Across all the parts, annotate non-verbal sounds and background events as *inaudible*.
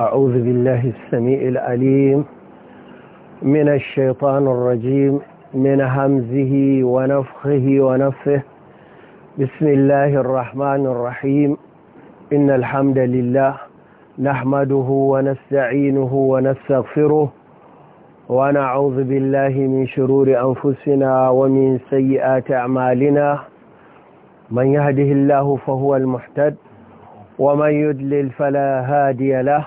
أعوذ بالله السميع العليم من الشيطان الرجيم من همزه ونفخه ونفه بسم الله الرحمن الرحيم إن الحمد لله نحمده ونستعينه ونستغفره ونعوذ بالله من شرور أنفسنا ومن سيئات أعمالنا من يهده الله فهو المحتد ومن يدلل فلا هادي له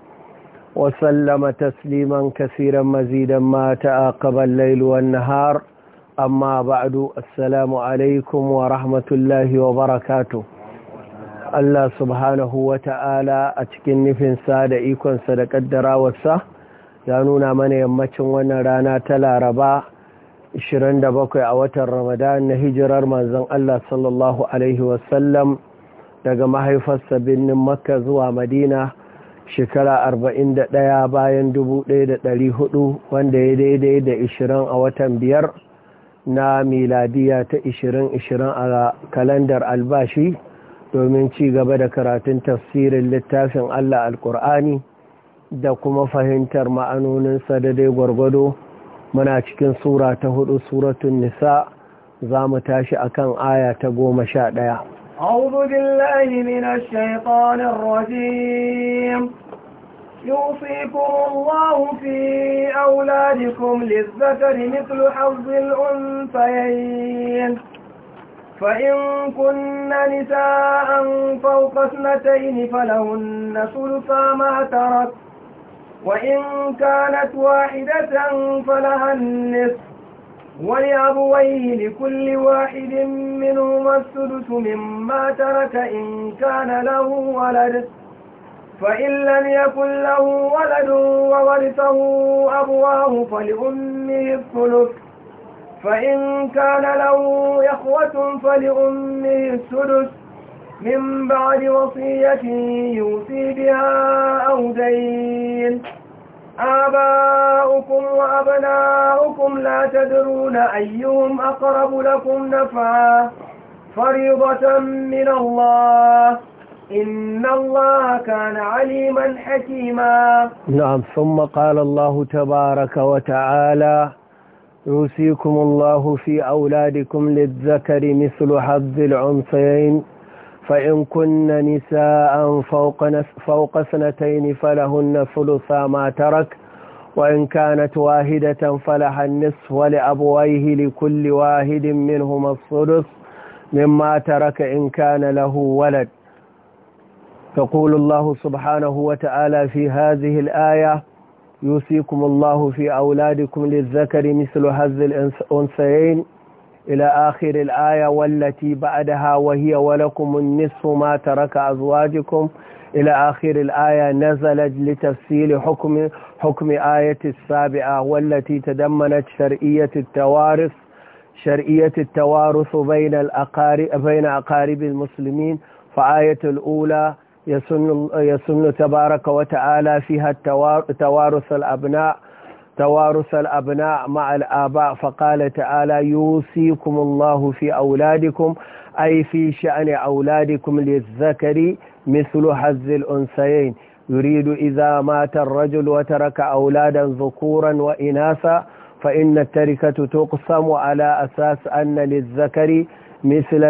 وسلم تسليما كثيرا مزيدا ما تعاقب الليل والنهار أما بعد السلام عليكم ورحمة الله وبركاته Allah subhanahu wa ta'ala a cikin nufinsa da ikonsa da ƙaddarawarsa ya nuna mana yammacin wannan rana ta laraba 27 a watan ramadan na hijirar manzon Allah sallallahu Alaihi wasallam daga mahaifarsa birnin makka zuwa madina shekara arba'in da ɗaya bayan dubu ɗaya da ɗari hudu wanda ya daidai da ishirin a watan biyar na miladiya ta ishirin ishirin a kalandar albashi domin ci gaba da karatun tafsirin littafin Allah alkur'ani da kuma fahimtar ma'anonin da dai gwargwado muna cikin sura ta hudu suratun nisa za mu tashi kan aya ta goma sha ɗaya أعوذ بالله من الشيطان الرجيم يوصيكم الله في أولادكم للذكر مثل حظ الأنثيين فإن كن نساء فوق اثنتين فلهن ثلثا ما ترك وإن كانت واحدة فلها النصف ولأبويه لكل واحد منهما السدس مما ترك إن كان له ولد فإن لم يكن له ولد وورثه أبواه فلأمه الثلث فإن كان له إخوة فلأمه السدس من بعد وصية يوصي بها أو دين آباؤكم وأبناؤكم لا تدرون أيهم أقرب لكم نفعا فريضة من الله إن الله كان عليما حكيما نعم ثم قال الله تبارك وتعالى يوصيكم الله في أولادكم للذكر مثل حظ العنصين فإن كن نساء فوق, فوق سنتين فلهن ثلثا ما ترك وإن كانت واحدة فلها النصف ولأبويه لكل واحد منهما الثلث مما ترك إن كان له ولد يقول الله سبحانه وتعالى في هذه الآية يوصيكم الله في أولادكم للذكر مثل هز الأنثيين إلى آخر الآية والتي بعدها وهي ولكم النصف ما ترك أزواجكم إلى آخر الآية نزلت لتفصيل حكم حكم آية السابعة والتي تدمنت شرعية التوارث شرعية التوارث بين الأقارب بين أقارب المسلمين فآية الأولى يسن يسن تبارك وتعالى فيها التوارث الأبناء توارث الأبناء مع الآباء فقال تعالى يوصيكم الله في أولادكم أي في شأن أولادكم للذكر مثل حز الأنثيين يريد إذا مات الرجل وترك أولادا ذكورا وإناثا فإن التركة تقسم على أساس أن للذكر مثل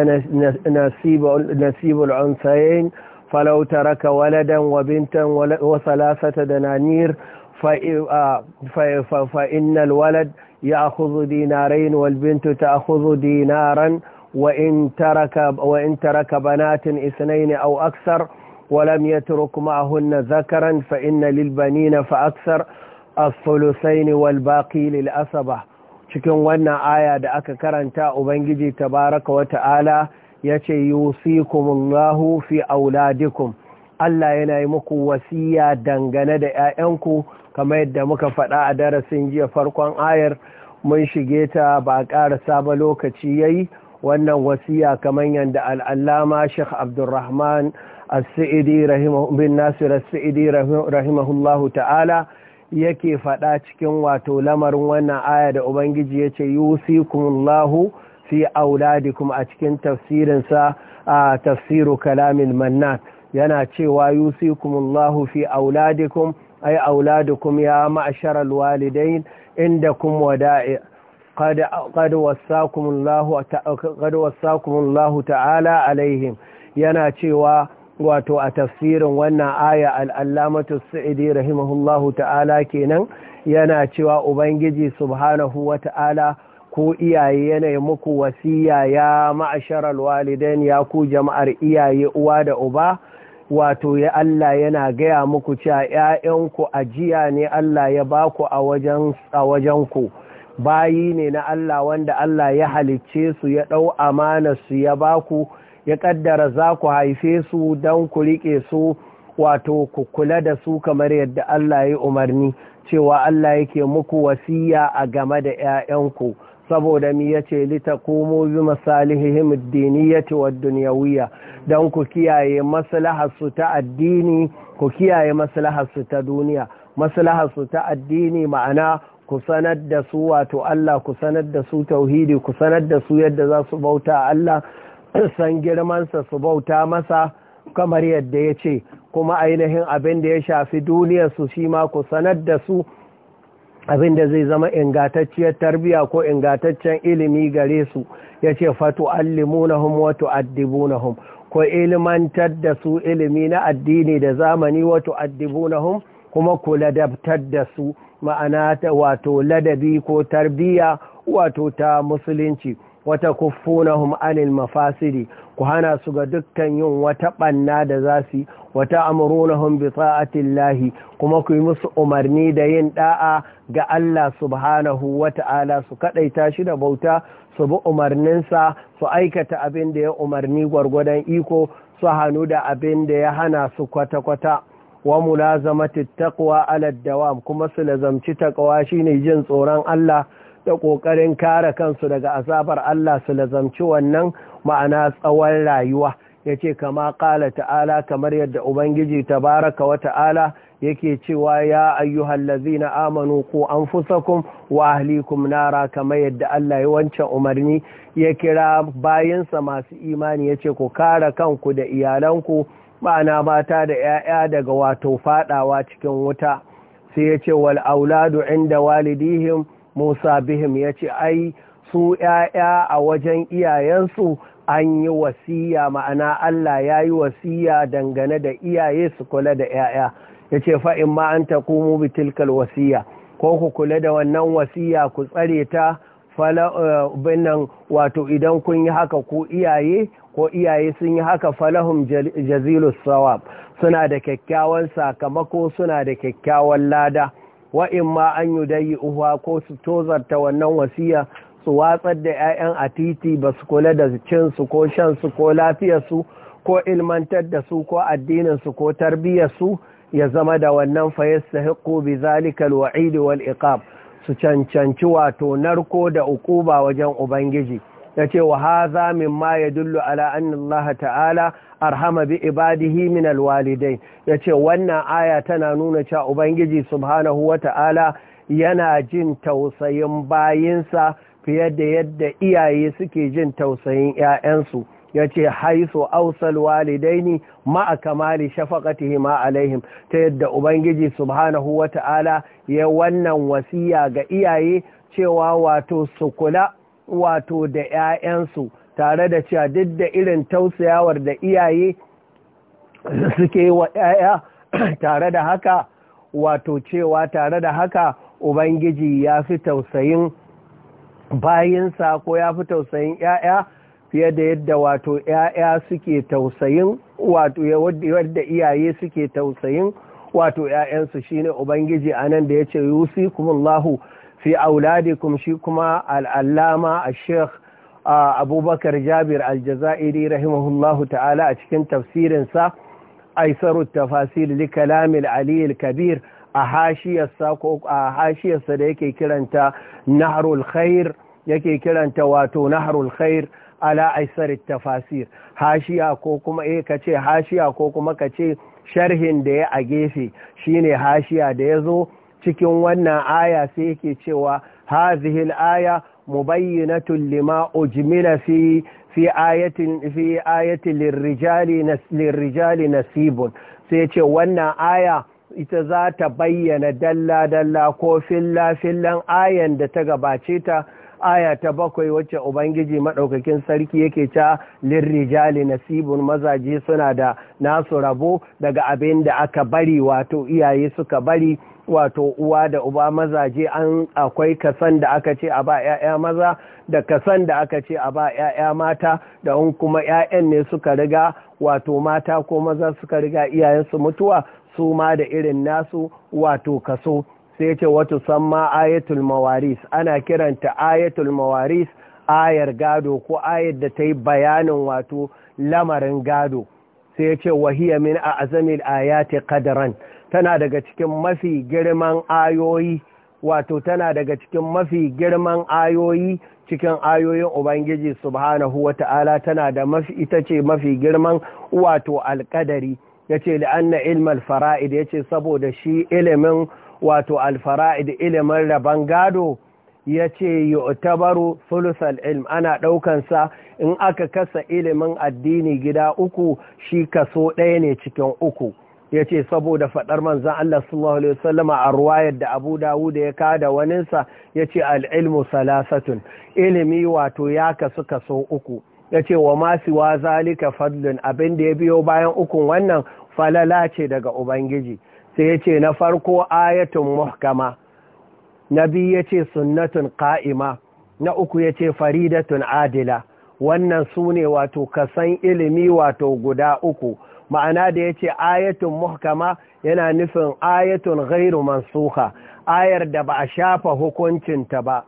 نسيب, نسيب العنثيين فلو ترك ولدا وبنتا وثلاثة دنانير فإن الولد يأخذ دينارين والبنت تأخذ دينارا وإن ترك, وإن ترك بنات اثنين أو أكثر ولم يترك معهن ذكرا فإن للبنين فأكثر الثلثين والباقي للأسبة cikin wannan aya da aka karanta Ubangiji tabaraka wa ta'ala ya ce yusikumullahu fi auladikum Allah yana yi muku wasiya dangane da ‘ya'yanku kamar yadda muka faɗa a darasin jiya farkon ayar mun shige ta ba ƙara ba lokaci ya yi wannan wasiya kamar yadda al'allama sheikh abdulrahman as-sa'idi bin nasir as-sa'idi rahimahullahu ta'ala yake faɗa cikin wato lamarin wannan aya da ubangiji ya ce yusikumullahu fi auladikum a cikin tafsirinsa a tafsiru kalamin manna yana cewa yusikumullahu fi auladikum أي أولادكم يا معشر الوالدين inda ودائع قد قد وصاكم الله قد وصاكم الله تعالى عليهم yana cewa wato a tafsirin wannan aya al'allamatu sa'idi rahimahullahu ta'ala kenan yana cewa ubangiji subhanahu wa ta'ala ko iyaye yanayi muku wasiya ya ma'asharar walidan ya ku jama'ar iyaye uwa da uba wato ya Allah yana gaya muku cewa ‘ya'yanku ajiya ne Allah ya ba ku a wajenku, bayi ne na Allah wanda Allah ya halicce su ya ɗau su ya ba ku, ya ƙaddara za ku haife su don ku riƙe su wato ku kula da su kamar yadda Allah ya umarni, cewa Allah yake muku wasiya a game da ‘ya'yanku. saboda mi lita litaqumu bi masalihihim ad wa wad don dan ku kiyaye maslahasu ta addini ku kiyaye maslahasu ta duniya maslahar ta addini ma'ana ku sanar da su wato Allah ku sanar da su tauhidi ku sanar da su yadda za su bauta Allah *coughs* san girmansa su bauta masa kamar yadda ya ce kuma ainihin abin da ya shafi duniyarsu shi ma ku sanar da su abin da zai zama ingatacciyar tarbiya ko ingataccen ilimi gare su ya ce fatu allimunahum wa addibunahum ko ilimantar da su ilimi na addini da zamani wa addibunahum kuma ku ladabtar da su ma'ana wato ladabi ko tarbiya wato ta musulunci wata kuffunahum anil mafasidi ku hana su ga dukkan yin wata banna da za su wa ta'murunahum bi ta'ati kuma ku yi musu umarni da yin da'a ga Allah subhanahu wa ta'ala su kaɗaita shi da bauta su bi umarninsa su aikata abin da ya umarni gwargwadon iko su hannu da abin da ya hana su kwata-kwata wa mulazamati taqwa ala wa kuma su lazamci Shi shine jin tsoron Allah da ƙoƙarin kare kansu daga azabar Allah su lazamci wannan ma'ana tsawon rayuwa ya ce kama ƙala ta'ala kamar yadda ubangiji ta baraka wa ta'ala yake cewa ya ayyuhallazi na amanu ko an fusakun wa ahlikum nara kamar yadda Allah ya wancan umarni ya kira bayansa masu imani ya ce ku kare kanku da iyalanku ma'ana mata da 'ya'ya daga wato fadawa cikin wuta sai ya ce wal auladu inda walidihim musa bihim ya ce ai su ‘ya'ya a wajen iyayensu an yi wasiya ma'ana Allah ya yi wasiya dangane da iyaye su kula da 'ya'ya ya ce fa'in ma an ta kumu bitilkal wasiya ko ku kula da wannan wasiya ku tsare ta eh, binan wato idan kun yi haka ku iyaye ko iyaye sun yi haka falahum jazilus sawab suna da kyakkyawan sakamako suna da kyakkyawan lada wa'in ma an yi dayi uwa ko su tozarta wannan wasiya su watsar da 'ya'yan a titi ba su kula da cinsu ko shansu ko lafiyarsu ko ilmantar da su ko addininsu ko tarbiyyarsu ya zama da wannan fayas su haƙo bi zalikal wa'idi wal iqab su cancanci wato narko da ukuba wajen ubangiji ya ce wa haza min ma ya dullu ala annallaha ta'ala arhama bi ibadihi min alwalidain ya ce wannan aya tana nuna cewa ubangiji subhanahu wa yana jin tausayin bayinsa fiye da yadda iyaye suke jin tausayin 'ya'yansu ya ce haisu ausal walidaini ma'a kamali Shafakati, ma alaihim ta yadda ubangiji subhanahu ta'ala, ya wannan wasiya ga iyaye cewa wato su kula wato da 'ya'yansu tare da cewa duk da irin tausayawar da iyaye suke wa 'ya'ya *clears throat* tare da haka wato cewa tare da haka ubangiji ya fi tausayin bayinsa ko ya fi tausayin ‘ya'ya fiye da yadda wato ‘ya'ya suke tausayin wato yadda iyaye suke tausayin wato ‘ya'yansu shine ubangiji a nan da ya ce yusi kumullahu fi auladikum shi kuma al'allama a sheikh abubakar jabir aljazairi rahimahullahu ta'ala a cikin tafsirinsa aisaru tafasir li kalamil aliyil kabir a hashiyarsa ko a hashiyarsa da yake kiranta nahrul khair yake kiranta wato nahrul khair ala aisar tafasir hashiya ko kuma eh kace hashiya ko kuma kace sharhin da ya a gefe shine hashiya da yazo cikin wannan aya sai yake cewa hadhihi al-aya mubayyinatun lima ujmila fi fi ayatin fi ayatin lirrijali nas lirrijali nasibun sai yace wannan aya ita za ta bayyana dalla-dalla ko filla-fillan ayan da ta gabace ta aya ta bakwai wacce ubangiji maɗaukakin sarki yake ca lirrijali nasibun mazaje suna da nasu rabo daga abin da aka bari wato iyaye suka bari wato uwa da uba mazaje an akwai kasan da aka ce a ba 'ya'ya maza da kasan da aka ce a ba 'ya'ya mata da un kuma 'ya'yan ne suka riga wato mata ko maza suka riga iyayensu mutuwa su ma da irin nasu wato kaso sai ce wato ma ayatul mawaris ana kiranta ayatul mawaris ayar gado ko ayar da ta yi bayanin wato lamarin gado sai ce wahiyar min a azamin ayati kadaran tana daga cikin mafi girman ayoyi wato tana daga cikin mafi girman ayoyi cikin ayoyin ubangiji subhanahu wata'ala tana da mafi ita ce mafi girman wato alkadari ya ce li'anna ilmar fara'id ya ce saboda shi ilimin wato alfara'id ilimin rabon gado ya ce otabaru sulusal ilm ana ɗaukansa in aka kasa ilimin addini gida uku shi kaso ɗaya ne cikin uku ya ce saboda faɗar manzan Allah sallallahu Alaihi wasallama a ruwayar da abu da ya kada waninsa ya ce al'ilmu salasatun ilimi wato ya kasu kaso uku ya ce wa masu wa zalika fadlin, abin da ya biyo bayan ukun wannan falala ce daga ubangiji sai ya ce na farko ayatun muhkama na biyu ya ce sunnatun ka'ima na uku ya ce faridatun adila wannan su ne wato kasan ilimi wato guda uku ma'ana da ya ce ayatun muhkama yana nufin ayatun gairu mansuha ayar da ba a shafa hukuncinta ba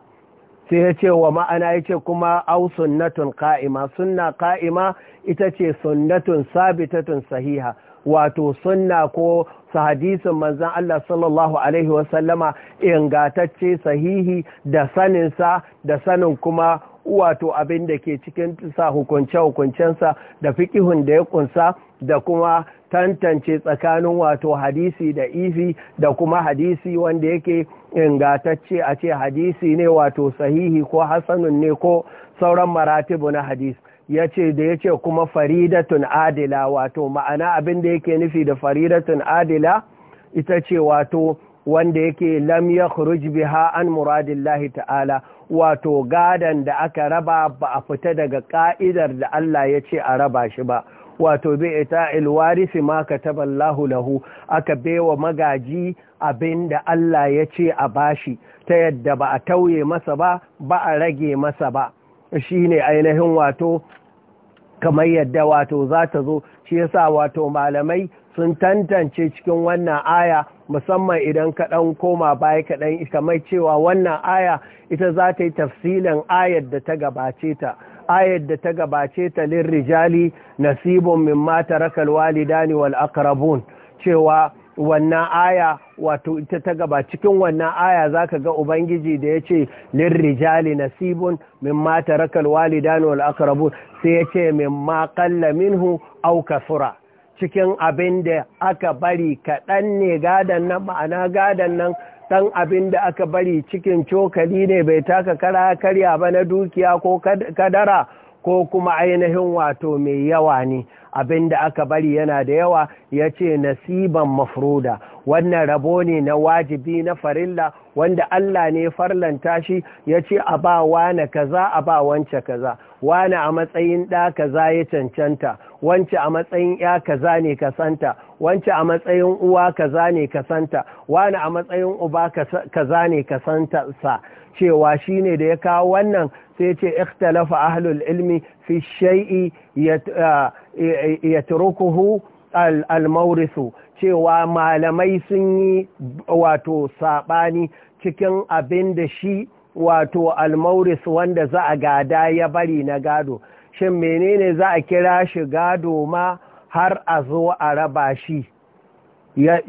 sai ya ce wa ma'ana ya ce kuma au sunnatun ka'ima sunna ka'ima ita ce sunnatun sabitatun sahiha wato sunna ko su hadisin manzan Allah sallallahu Alaihi wasallama ingatacce sahihi da saninsa da sanin kuma wato abin da ke cikin sa hukunce-hukuncensa da fikihun da ya kunsa da kuma tantance tsakanin wato hadisi da ifi da kuma hadisi wanda yake ingatacce a ce hadisi ne wato sahihi ko hasanun ne ko sauran maratibu na hadisi ya ce da ya ce kuma faridatun adila wato ma'ana abin da yake nufi da faridatun adila ita ce wato wanda yake lam ya biha an muradillahi ta'ala wato gadan da aka raba ba a fita daga ka'idar da Allah ya ce a raba shi ba wato bi ita'il warisi ma kataba Allahu lahu aka baiwa magaji abinda Allah ya ce a bashi ta yadda ba a tauye masa ba ba a rage masa ba Shi ne ainihin wato kamar yadda wato za ta zo shi yasa wato malamai sun tantance cikin wannan aya musamman idan ka ɗan koma baya kaɗan kamar cewa wannan aya ita za ta yi tafsilin ayar da ta gabace ta ayar da ta gabace ta lirrijali nasibun mimma tarakal walidani wal aqrabun cewa wannan aya wato ita ta gaba cikin wannan aya zaka ga ubangiji da yace lirrijali nasibun mimma tarakal walidani wal aqrabun sai yace mimma qalla minhu aw kasura cikin abin da aka bari kaɗan ne gadan nan ma'ana gadan nan san abin da aka bari cikin cokali ne bai taka kara karya ba na dukiya ko kadara ko kuma ainihin wato mai yawa ne abin da aka bari yana da yawa ya ce nasiban mafruda wannan rabo ne na wajibi na farilla wanda Allah ne farlanta shi ya ce a ba wane kaza a ba wance kaza wane a matsayin ɗa kaza ya cancanta wance a matsayin ya kaza ne ka santa wance a matsayin uwa kaza ne ka santa wani a matsayin uba kaza ne ka santa sa cewa shine da ya kawo wannan sai ce ikhtalafa ahlul ilmi fi shay'i yatrukuhu al-mawrisu cewa malamai sun yi wato sabani cikin abin da shi wato al wanda za a gada ya bari na gado shin menene za a kira shi gado ma har a zo a raba shi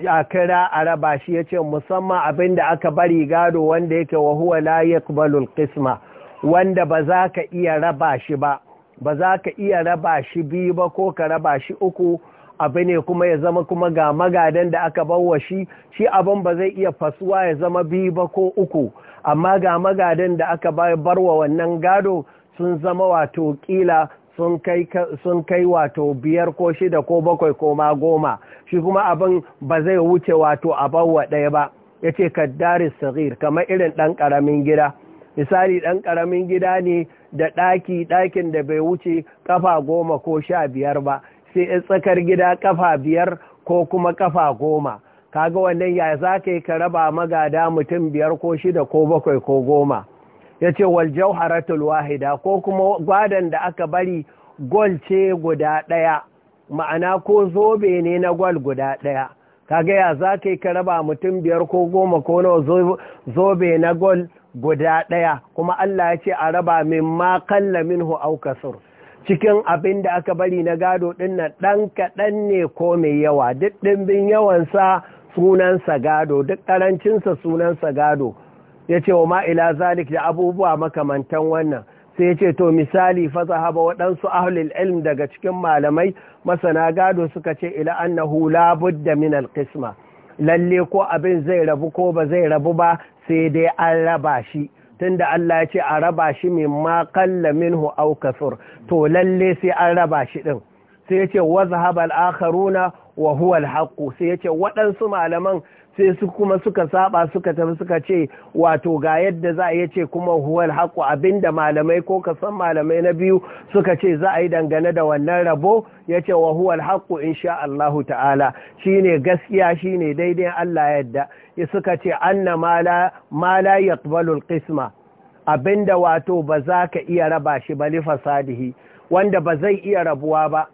a kira a raba shi ya ce musamman abin da aka bari gado wanda yake wa huwa la kubalul kisma, wanda ba za ka iya raba shi ba ba za ka iya raba shi biyu ba ko ka raba shi uku abu ne kuma ya zama kuma ga magadan da aka bawa shi shi abin ba zai iya fasuwa ya zama biyu ba ko uku amma ga magadan da aka bar wa wannan gado sun zama wato kila sun kai wato biyar ko shida ko bakwai ko ma goma shi kuma abin ba zai wuce wato bawa ɗaya ba ya ce kaddari sagir kamar irin ɗan ƙaramin gida misali ɗan ƙaramin gida ne da ɗaki ɗakin da bai wuce ƙafa goma ko sha biyar ba sai tsakar gida kafa biyar ko kuma ƙafa goma kaga wannan ya za ka yi ka raba magada mutum biyar ko shida ko bakwai ko goma ya ce wal jauharatul wahida ko kuma gwadon da aka bari gol ce guda ɗaya ma'ana ko zobe ne na gol guda ɗaya ka gaya za ka yi ka raba mutum biyar ko goma ko nawa zobe na gol guda ɗaya kuma Allah ya ce a raba min ma min hu aukasur cikin abin da aka bari na gado ɗin nan ɗan kaɗan ne ko mai yawa duk ɗimbin yawansa sunansa gado duk ƙarancinsa sunansa gado ya ce wa ma'ila zalik da abubuwa makamantan wannan sai ya ce to misali fasa haba waɗansu ahlul ilm daga cikin malamai masana gado suka ce ila annahu da min alqisma lalle ko abin zai rabu ko ba zai rabu ba sai dai an raba shi tunda Allah ya ce a raba shi min ma qalla minhu aw kasur to lalle sai an raba shi din sai yace wazhab al-akharuna wa huwa al sai sai yace waɗansu malaman sai su kuma suka saba suka tafi suka ce wato ga yadda za a yace kuma huwal haƙu abinda malamai ko kasan malamai na biyu suka ce za a yi dangane da wannan rabo ya ce wa huwal haƙu insha Allahu ta'ala shine gaskiya shine daidai Allah yadda suka ce anna mala la yaqbalu kisma abinda wato ba za ka iya raba shi ba li fasadihi wanda ba zai iya rabuwa ba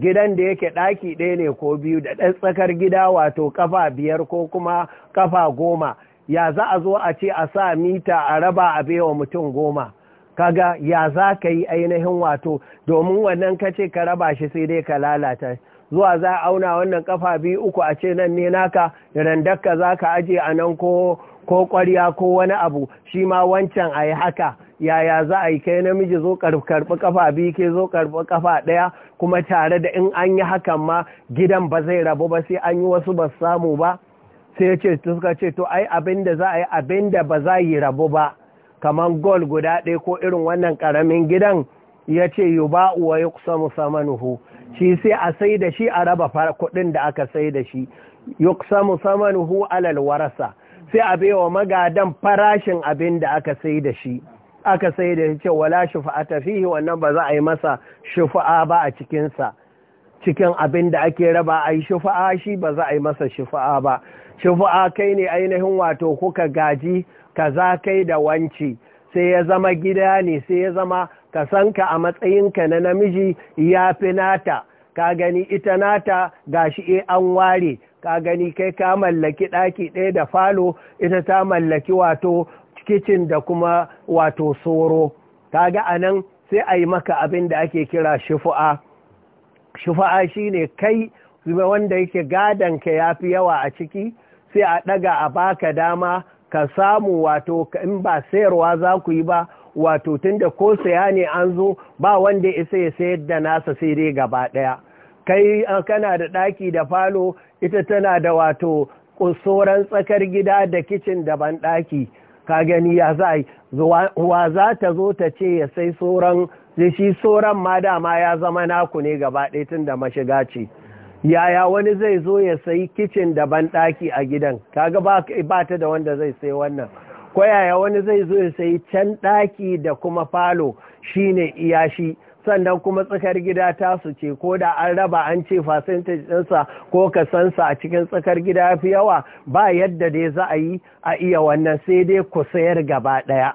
gidan da yake ɗaki ɗaya ne ko biyu da ɗan tsakar gida wato kafa biyar ko kuma kafa goma ya za a zo a ce a sa mita a raba a baiwa mutum goma kaga ya za ka yi ainihin wato domin wannan ka ce ka raba shi sai dai ka lalata zuwa za a auna wannan kafa biyu uku a ce nan ne naka randakka za ka aje a nan ko ko ƙwarya ko wani abu shi ma wancan a yi haka yaya za a yi kai namiji zo karɓi kafa biyu ke zo karɓi kafa ɗaya kuma tare da in an yi hakan ma gidan ba zai rabu ba sai an yi wasu ba samu ba sai ce suka ce to ai abin da za a yi abin da ba za yi rabu ba kamar gol guda ɗaya ko irin wannan ƙaramin gidan ya ce yi ba uwa ya kusa musamanuhu shi sai a sai da shi a raba kuɗin da aka sai da shi ya kusa musamanuhu alal warasa sai a baiwa magadan farashin abin da aka sai da shi aka sai da ce wala shufa'ata fihi wannan ba za a yi masa shufa'a ba a cikinsa cikin abin da ake raba a yi shufa'a shi ba za a yi masa shufa'a ba shufa'a kai ne ainihin wato kuka gaji kaza kai da wanci sai ya zama gida ne sai ya zama ka sanka a matsayinka na namiji ya fi nata ka gani ita nata gashi e eh, an ware ka gani kai ka mallaki ɗaki ɗaya da falo ita ta mallaki wato kicin da kuma wato soro ga anan sai a yi maka abin da ake kira shifu'a shi ne kai wanda yake gadon ka ya fi yawa a ciki sai a ɗaga a baka dama ka samu wato in ba sayarwa za ku yi ba wato tun da ko saya ne an zo ba wanda isa ya sayar da nasa sai dai gaba ɗaya kai kana da ɗaki da falo ita tana da wato kusoran tsakar gida da kicin da banɗaki ka gani ya za wa za ta zo ta ce ya sai sauran shi tsoron ma dama ya zama naku ne gaba ɗaya tun da mashiga ce yaya wani zai zo ya sayi kicin da banɗaki a gidan kaga ba ta da wanda zai sai wannan ko yaya wani zai zo ya sayi can ɗaki da kuma falo shine iyashi sannan kuma tsakar gida tasu ce ko da an raba an ce percentage ɗinsa ko kasansa a cikin tsakar gida fi yawa ba yadda dai za a yi a iya wannan sai dai ku sayar gaba ɗaya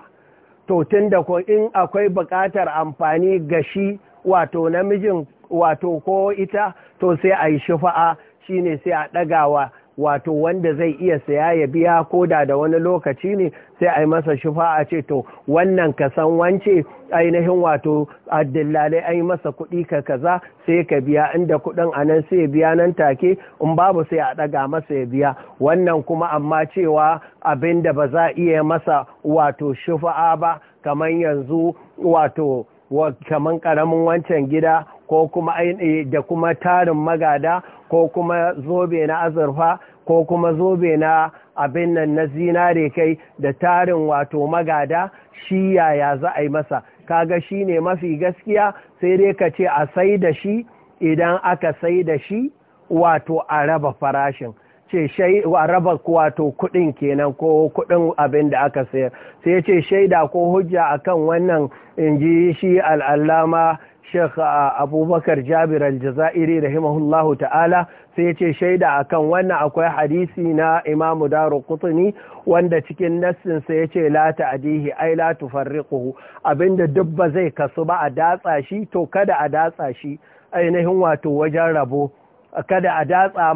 to tun da in akwai buƙatar amfani ga shi wato namijin wato ko ita to sai a yi shufa'a shine sai a ɗagawa wato wanda zai iya saya ya biya ko da da wani lokaci ne sai a yi masa a ce to wannan ka san wance ainihin wato dillalai a yi masa kuɗi ka kaza sai ka biya inda kuɗin a nan sai biya nan take in babu sai a ɗaga masa ya biya wannan kuma amma cewa abin da ba za a iya masa wato shufa ba kamar yanzu wato kaman karamin wancan gida ko kuma da kuma tarin magada ko kuma zobe na azurfa ko kuma zobe na abin nan na zinare kai da tarin wato magada shi yaya za a yi masa kaga shi ne mafi gaskiya sai dai ka ce a sai da shi idan aka sai da shi wato a raba farashin ce a raba wato kudin kenan ko kudin abin da aka sayar sai ce shaida ko hujja akan wannan inji shi al'allama Sheikh uh, Abubakar Jabir al-Jazairi rahimahullahu ta'ala sai yace shaida akan wannan akwai hadisi na Imam Daruqutni wanda cikin nassin sa yace la ta'dihi ai la tufarriquhu abinda dubba zai kasu ba a datsa shi to kada a datsa shi ainihin wato wajen rabo kada a datsa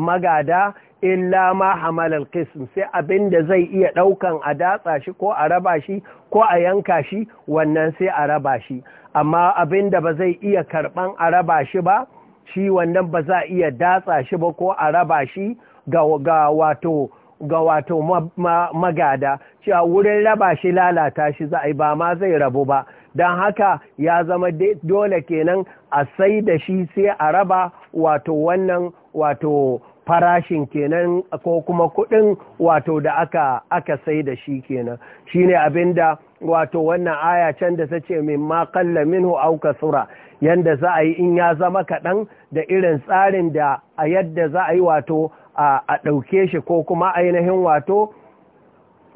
magada illa ma hamalal qism sai abin da zai iya ɗaukan a datsa shi ko a raba shi ko a yanka shi wannan sai a raba shi amma abin da ba zai iya karɓan a raba shi ba shi wannan ba za iya datsa shi ba ko a raba shi ga wato ga wato magada cewa wurin raba shi lalata shi za a yi ba ma zai rabu ba don haka ya zama dole kenan a sai da shi sai a raba wato wannan wato farashin kenan ko kuma kuɗin wato da aka aka sai da shi kenan shine abinda wato wannan aya can da ta min ma qalla minhu aw kasura yanda za a yi in ya zama kaɗan da irin tsarin da a yadda za a yi wato a ɗauke shi ko kuma ainihin wato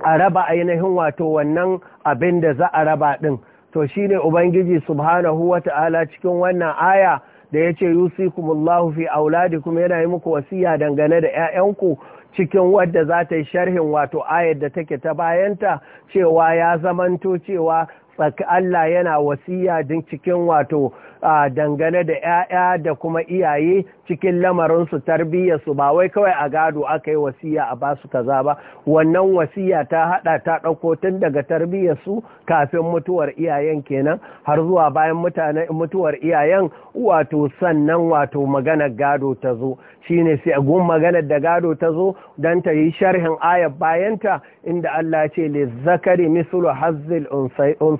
a raba ainihin wato wannan abin da za a raba ɗin to shine ubangiji subhanahu wata'ala cikin wannan aya da ya ce yusikumullahu fi Auladi kuma yana yi muku wasiya dangane da 'ya'yanku cikin wadda za ta yi sharhin wato ayar da take ta bayanta cewa ya zamanto cewa Allah yana wasiya din cikin wato dangane da ‘ya'ya da kuma iyaye cikin lamarinsu tarbiyyarsu ba wai kawai a gado aka yi wasiya a su kaza ba wannan wasiya ta haɗa ta ɗauko tun daga tarbiyyarsu kafin mutuwar iyayen kenan har zuwa bayan mutuwar iyayen wato sannan wato maganar gado ta zo shi ne sai gun maganar da gado ta zo don ta yi sharhin ayar bayanta inda Allah ce le zakari mislu hazzil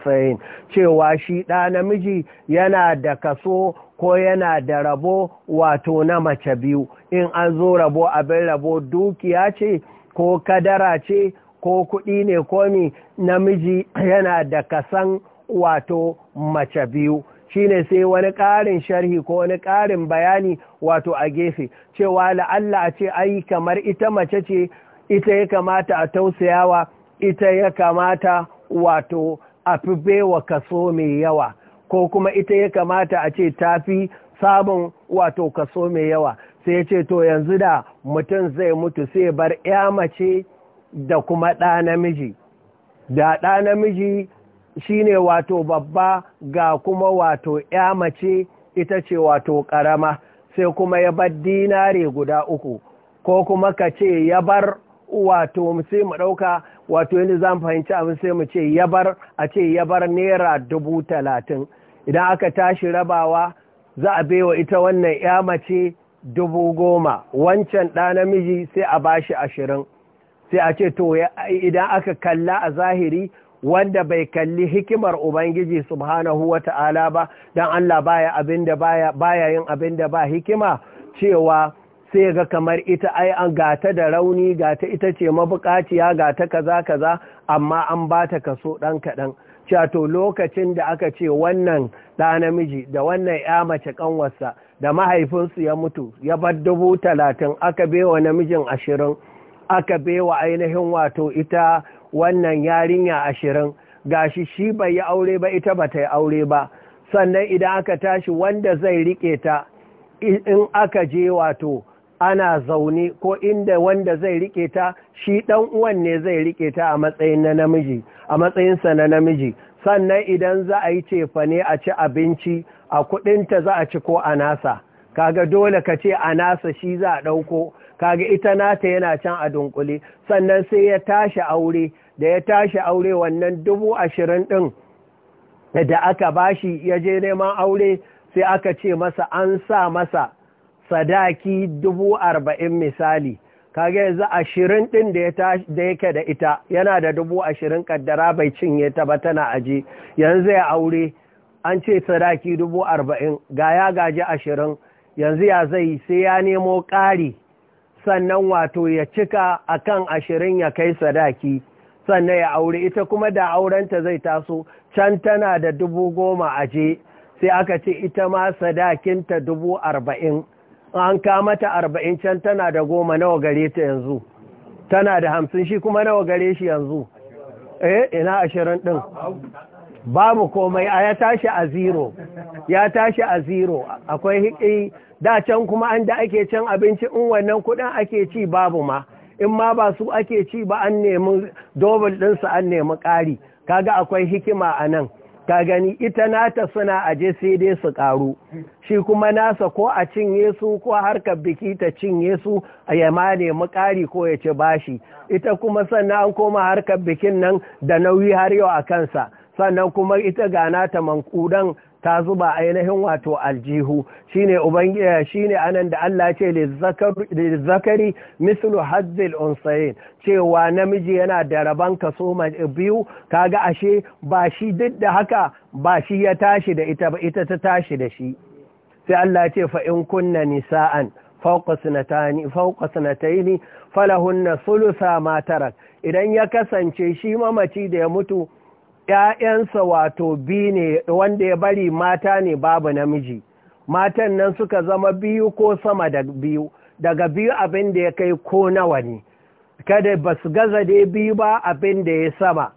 al cewa shi ɗa namiji yana da kaso ko yana da rabo wato na mace biyu in an zo rabo abin rabo dukiya ce ko kadara ce ko kuɗi ne ko ni namiji yana da kasan wato mace biyu shine sai wani ƙarin sharhi ko wani ƙarin bayani wato a gefe cewa la'alla a ce ai kamar ita mace ce ita ya kamata a tausayawa ita ya kamata wato a fi baiwa kaso mai yawa ko kuma ita ya kamata a ce ta fi samun wato kaso mai yawa sai ce to yanzu da mutum zai mutu sai bar ya mace da kuma ɗa namiji da ɗa namiji shine wato babba ga kuma wato ya mace ita ce wato ƙarama sai kuma ya bar dinare guda uku ko kuma ka ce ya bar wato sai mu ɗauka wato yadda za mu fahimci abin sai mu ce yabar a ce yabar naira dubu talatin idan aka tashi rabawa za a baiwa ita wannan ya mace dubu goma wancan ɗa namiji sai a bashi ashirin sai a ce to idan aka kalla a zahiri wanda bai kalli hikimar ubangiji subhanahu wa ta'ala ba don allah baya baya yin abin da ba hikima cewa sai ga kamar ita ai an gata da rauni gata ita ce mabukaciya gata kaza kaza amma an ba ta kaso ɗan kaɗan cato lokacin da aka ce wannan ɗa namiji da wannan ya mace kanwarsa da mahaifinsu ya mutu ya bar dubu talatin aka bewa namijin ashirin aka bewa ainihin wato ita wannan yarinya ashirin gashi shi bai yi aure ba ita ba ta yi aure ba sannan idan aka tashi wanda zai riƙe ta in aka je wato ana zaune ko inda wanda zai rike ta shi ɗan uwan ne zai rike ta a matsayin na namiji a matsayinsa na namiji sannan idan za a yi cefa ne a ci abinci a kudin ta za a ci ko a nasa kaga dole ka ce a nasa shi za a dauko kaga ita nata yana can a dunkule sannan sai ya tashi aure da ya tashi aure wannan dubu ashirin ɗin da aka bashi ya je neman aure sai aka ce masa an sa masa sadaki dubu arba'in misali kaga yanzu ashirin ɗin da yake da ita yana da dubu ashirin kaddara bai cinye ta ba tana aji yanzu ya aure an ce sadaki dubu arba'in ga ya gaji ashirin yanzu ya zai sai ya nemo ƙari sannan wato ya cika akan ashirin ya kai sadaki sannan ya aure ita kuma da aurenta zai taso can tana da dubu goma aje sai aka ce ita ma sadakinta dubu arba'in an mata arba'in can tana da goma nawa gare ta yanzu tana da hamsin shi kuma nawa gare shi yanzu eh ina ashirin ɗin babu komai a ya tashi a zero ya tashi a zero akwai hiki da can kuma an da ake can abinci in wannan kudin ake ci babu ma in ma ba su ake ci ba an nemi dobul ɗinsu an nemi ƙari kaga akwai hikima a nan ka gani ita nata suna aje sai dai su ƙaru shi kuma nasa ko a cinye su ko harkar biki ta cinye su a yama ne ƙari ko ya ci bashi ita kuma sannan an koma harkar bikin nan da nauyi har yau a kansa sannan kuma ita ga nata mankudan ta zuba ainihin wato aljihu shi ubangiya eh, anan da Allah ce li zakari mislu hazzil unsayin cewa namiji yana da rabon kaso eh, biyu kaga ashe ba shi duk da haka ba shi ya tashi da ita ba ita ta tashi da shi sai Allah ce fa in kunna nisa'an fauka sanataini falahunna sulusa ma tarak idan ya kasance shi mamaci da ya mutu ‘ya'yansa wato bi ne wanda ya bari mata ne babu namiji, matan nan suka zama biyu ko sama da biyu, daga biyu abin da ya kai ko nawa ne, kada ba su gaza da biyu ba abin da ya sama,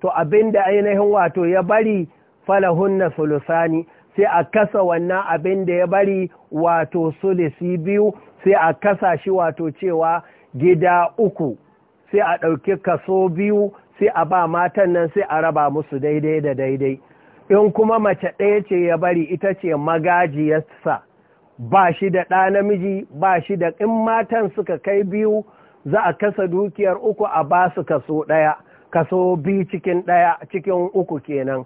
to abin da ainihin wato ya bari falahun na sulusani sai a kasa wannan abin da ya bari wato sulisi biyu sai a kasa shi wato cewa gida uku sai a ɗauki kaso biyu sai a ba matan nan sai a raba musu daidai da daidai in kuma mace ɗaya ce ya bari ita ce magajiyarsa ba shi da ɗa namiji ba shi da in matan suka kai biyu za a kasa dukiyar uku a ba su kaso ɗaya kaso biyu cikin ɗaya cikin uku kenan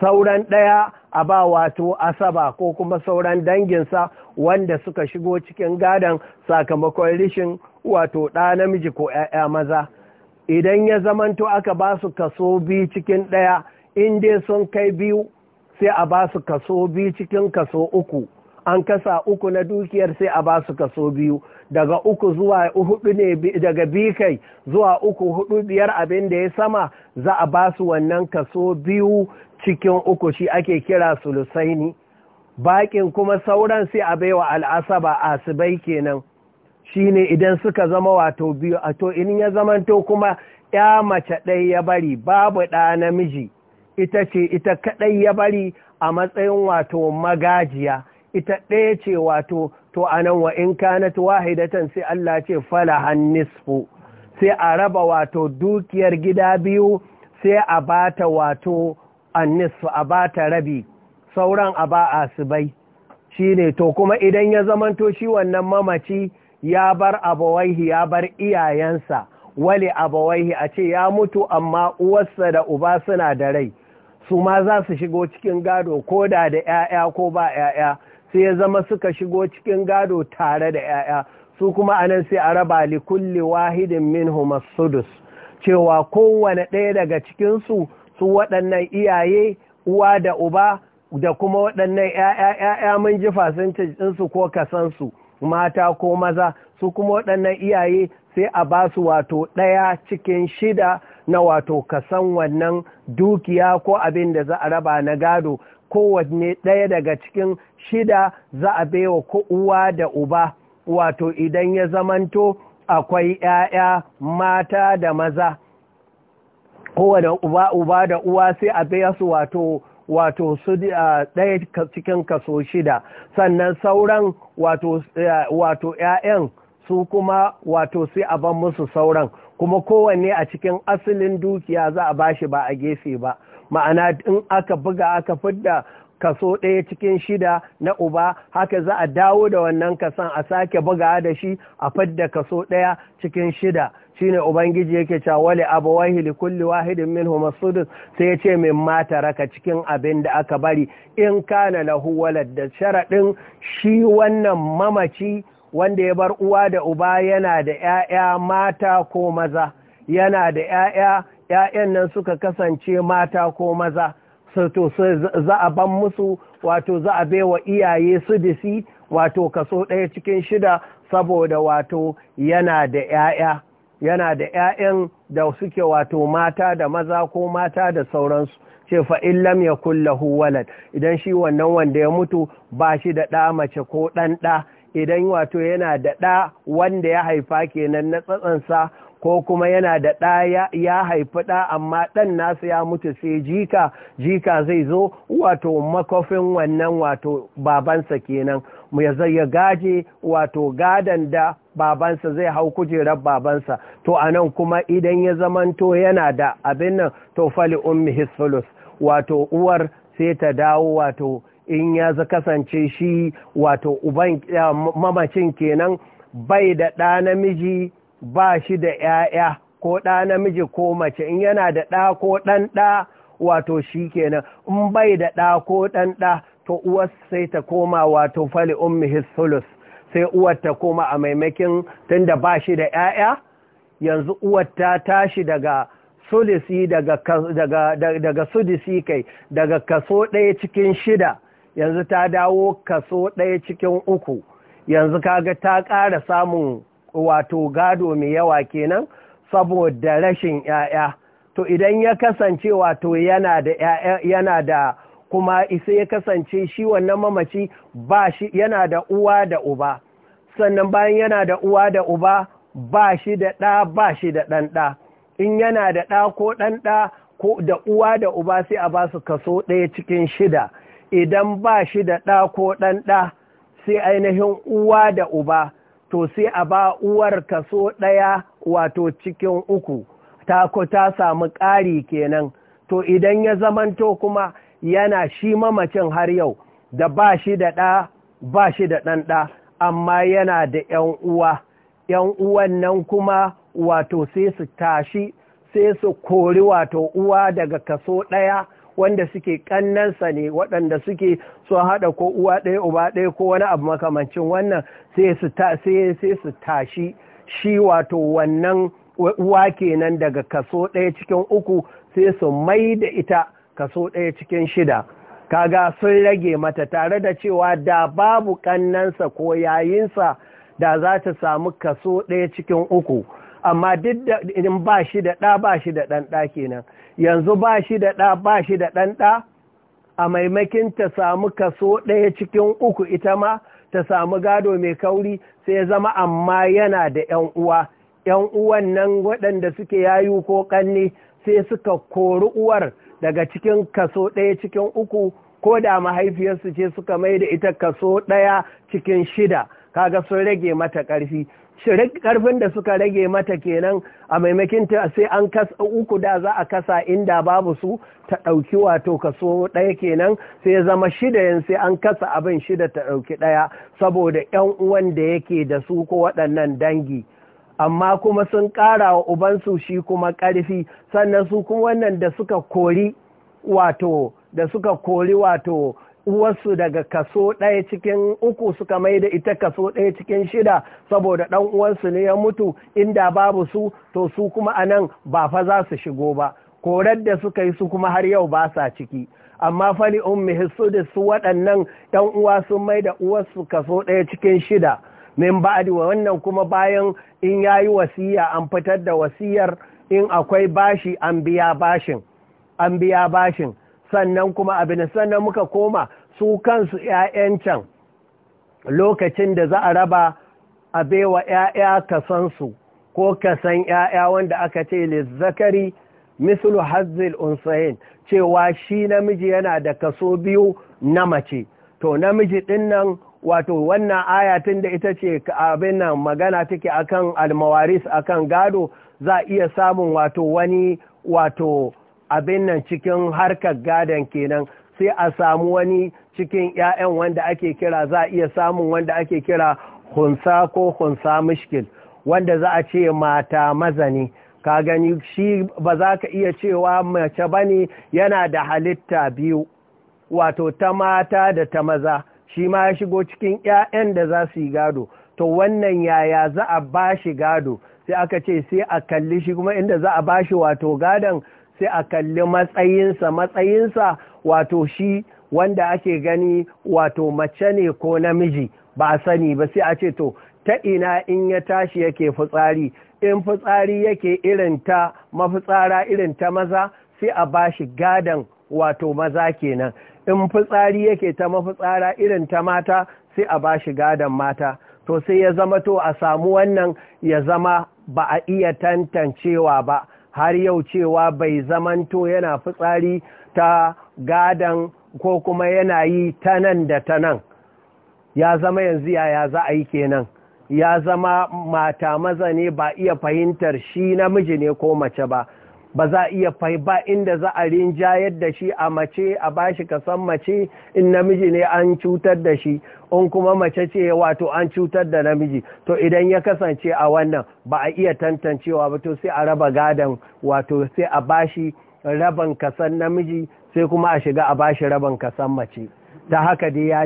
sauran ɗaya a ba wato asaba ko kuma sauran danginsa wanda suka shigo cikin gadon sakamakon rishin wato ɗa namiji ko ‘ya'ya maza idan ya zamanto aka ba su kaso biyu cikin ɗaya inda sun kai biyu sai a ba su kaso biyu cikin kaso uku an kasa uku na dukiyar sai a ba su kaso biyu daga uku zuwa hudu ne daga biyu kai zuwa uku hudu biyar abin da ya sama za a ba su wannan kaso biyu cikin uku shi ake kira sulusaini bakin kuma sauran sai a baiwa al'asaba asibai kenan shine idan suka zama wato biyu a to in ya zamanto kuma ya mace ɗai ya bari babu ɗa namiji ita ce ita kaɗai ya bari a matsayin wato magajiya ita ɗaya ce wato to anan wa in kanat wahidatan sai Allah ce falahan nisfu sai a raba wato dukiyar gida biyu sai a bata wato annisfu a bata rabi sauran a ba a Shi shine to kuma idan ya zamanto shi wannan mamaci ya bar abawaihi ya bar iyayensa wale abawaihi a ce ya mutu amma uwarsa da uba suna da rai su ma za su shigo cikin gado ko da da 'ya'ya ko ba 'ya'ya sai ya zama suka shigo cikin gado tare da 'ya'ya su kuma anan sai a raba likulli wahidin min sudus cewa kowane ɗaya daga cikinsu su waɗannan iyaye uwa da uba da kuma waɗannan ‘ya'ya mun ji ɗinsu ko kasansu mata ko maza su kuma waɗannan iyaye sai a ba su wato ɗaya cikin shida na wato kasan wannan dukiya ko abin da za a raba na gado kowanne ɗaya daga cikin shida za a baiwa ko uwa da uba wato idan ya zamanto akwai ‘ya'ya mata da maza kowane uba, da uwa sai a baiwa su wato wato su ɗaya cikin kaso shida sannan sauran wato 'ya'yan eh, su kuma wato sai a ban musu sauran kuma kowanne a cikin asalin dukiya za a bashi ba a gefe ba ma'ana in aka buga aka fidda kaso ɗaya cikin shida na uba haka za a dawo da wannan kasan a sake buga da shi a fidda kaso ɗaya cikin shida shine ubangiji yake cewa wali wahi li kulli wahidin minhum as-sudus sai yace min mata raka cikin abin da aka bari in kana lahu walad da sharadin shi wannan mamaci wanda ya bar uwa da uba yana da ƴaƴa mata ko maza yana da ƴaƴa ƴaƴan nan suka kasance mata ko maza to za a ban musu wato za a baiwa iyaye su disi wato kaso ɗaya cikin shida saboda wato yana da ‘ya'ya yana da ‘ya'yan da suke wato mata da maza ko mata da sauransu ce fa'in lam ya kullahu walad idan shi wannan wanda ya mutu ba shi da ɗa mace ko ɗan ɗa idan wato yana da ɗa wanda ya haifa kenan na tsatsansa ko kuma yana da ɗa ya haifi ɗa amma ɗan nasu ya mutu sai jika jika zai zo wato makofin wannan wato babansa kenan mu ya zai ya gaje wato gadan da babansa zai hau kujerar babansa to anan kuma idan ya zamanto yana da abin nan to fali ummi hisfulus wato uwar sai ta dawo wato in ya kasance shi wato uban mamacin kenan bai da ɗa namiji ba shi da ‘ya'ya ko ɗa namiji ko mace in yana da ɗa ko ɗan ɗa wato shi kenan in bai da ɗa ko ɗan ɗa to uwar sai ta koma wato fali ummi hisulus sai uwar ta koma a maimakin tunda ba shi da ‘ya'ya yanzu uwar ta tashi daga sulisi daga, sudisi kai daga kaso ɗaya cikin shida yanzu ta dawo kaso ɗaya cikin uku yanzu kaga ta ƙara samun wato gado mai yawa kenan saboda rashin ‘ya'ya to idan ya kasance wato yana da yana da kuma isa ya kasance shi wannan mamaci ba shi yana da uwa da uba sannan bayan yana da uwa da uba ba shi da ɗa ba shi da ɗan in yana da ɗa ko ɗan ko da uwa da uba sai a ba su kaso ɗaya cikin shida idan ba shi da ɗa ko ɗan ɗa sai ainihin uwa da uba to sai a ba uwar kaso ɗaya wato cikin uku ta ku ta samu ƙari kenan to idan ya zamanto kuma yana shi mamacin har yau da ba shi da ɗa ba shi da ɗan ɗa amma yana da ‘yan uwa ‘yan uwan nan kuma wato sai su tashi sai su kori wato uwa daga kaso ɗaya wanda suke kannansa ne waɗanda suke so haɗa ko uwa ɗaya uba ɗaya ko wani abu makamancin wannan sai su tashi shi wato wannan uwa kenan daga kaso ɗaya cikin uku sai su mai da ita kaso ɗaya cikin shida kaga sun rage mata tare da cewa da babu kannansa ko yayinsa da za ta samu kaso ɗaya cikin uku amma duk da in ba shi da ɗa ba shi da ɗan ɗa kenan yanzu ba shi da ɗa ba shi da ɗan ɗa a maimakin ta samu kaso ɗaya cikin uku ita ma ta samu gado mai kauri sai zama amma yana da ‘yan uwa ‘yan uwan nan waɗanda suke yayu ko ƙanne sai suka kori uwar daga cikin kaso ɗaya cikin uku ko da mahaifiyarsu ce suka mai da ita kaso ɗaya cikin shida kaga sun rage mata ƙarfi shirik karfin da suka rage mata kenan a maimakin ta sai an kasa uku da za a kasa inda babu su ta ɗauki wato kaso ɗaya kenan sai ya zama shida yin sai an kasa abin shida ta ɗauki ɗaya saboda 'yan uwan da yake da su ko waɗannan dangi amma kuma sun ƙara wa ubansu shi kuma ƙarfi sannan su kuma wannan da suka kori wato da suka kori wato wasu daga kaso ɗaya cikin uku suka mai da ita kaso ɗaya cikin shida saboda ɗan uwansu ne ya mutu inda babu su to su kuma a nan ba fa za su shigo ba korar da suka yi su kuma har yau ba sa ciki amma fali ummi da su waɗannan ɗan uwa sun mai da uwarsu kaso ɗaya cikin shida min wa wannan kuma bayan in ya yi wasiya an fitar da wasiyar in akwai bashi an biya bashin an biya bashin sannan kuma abin sannan muka koma su kansu ‘ya'yan can lokacin da za a raba a baiwa ‘ya'ya kasansu ko kasan ‘ya'ya wanda aka ce lizzakari mislu hazil unsayin cewa shi namiji yana da kaso biyu na mace to namiji ɗin nan wato wannan ayatun da ita ce abin nan magana take akan almawaris akan gado za a iya samun wato wani wato abin nan cikin harkar gadon kenan sai a samu wani cikin 'ya'yan wanda ake kira za a iya samun wanda ake kira hunsa ko hunsa mishkil wanda za a ce mata mazani ka gani shi ba za ka iya cewa mace ba ne yana da halitta biyu wato ta mata da ta maza shi ma ya shigo cikin 'ya'yan da za su yi gado to wannan yaya za a ba shi gado sai aka ce sai a kalli shi kuma inda za a ba shi wato gadon sai a kalli matsayinsa matsayinsa wato shi wanda ake gani wato mace ne ko namiji ba a sani ba sai a ce to ta ina in ya tashi yake fitsari in fitsari yake irin ta mafitsara irin ta maza sai a bashi gadan wato maza kenan in fitsari yake ta mafitsara irin ta mata sai a bashi gadan mata to sai ya zama to a samu wannan ya zama ba a iya tantancewa ba har yau cewa bai zamanto yana fitsari ta gadan ko kuma yana yi ta nan da ta nan ya zama yanzu yaya za a yi kenan ya zama mata maza ne ba iya fahimtar shi namiji ne ko mace ba ba za a iya ba inda za a rinjayar yadda shi a mace a ba shi kasan mace in namiji ne an cutar da shi in kuma mace ce wato an cutar da namiji to idan ya kasance a wannan ba a iya tantancewa ba to sai a raba gadon wato sai a bashi raban kasan namiji sai kuma a shiga a bashi rabin kasan mace ta haka dai ya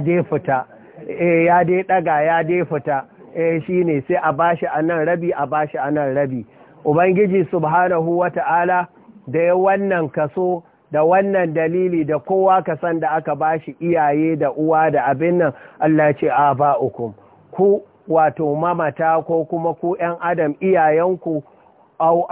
dai fita eh, ya dai daga ya dai fita eh, shi ne sai a bashi a nan rabi a bashi a nan rabi ubangiji subhanahu wata'ala da ya wannan kaso da wannan dalili da kowa kasan da aka bashi iyaye da uwa da abin nan Allah ce a ba uku. ku wato mamata ko kuma ku ‘yan adam iyayenku au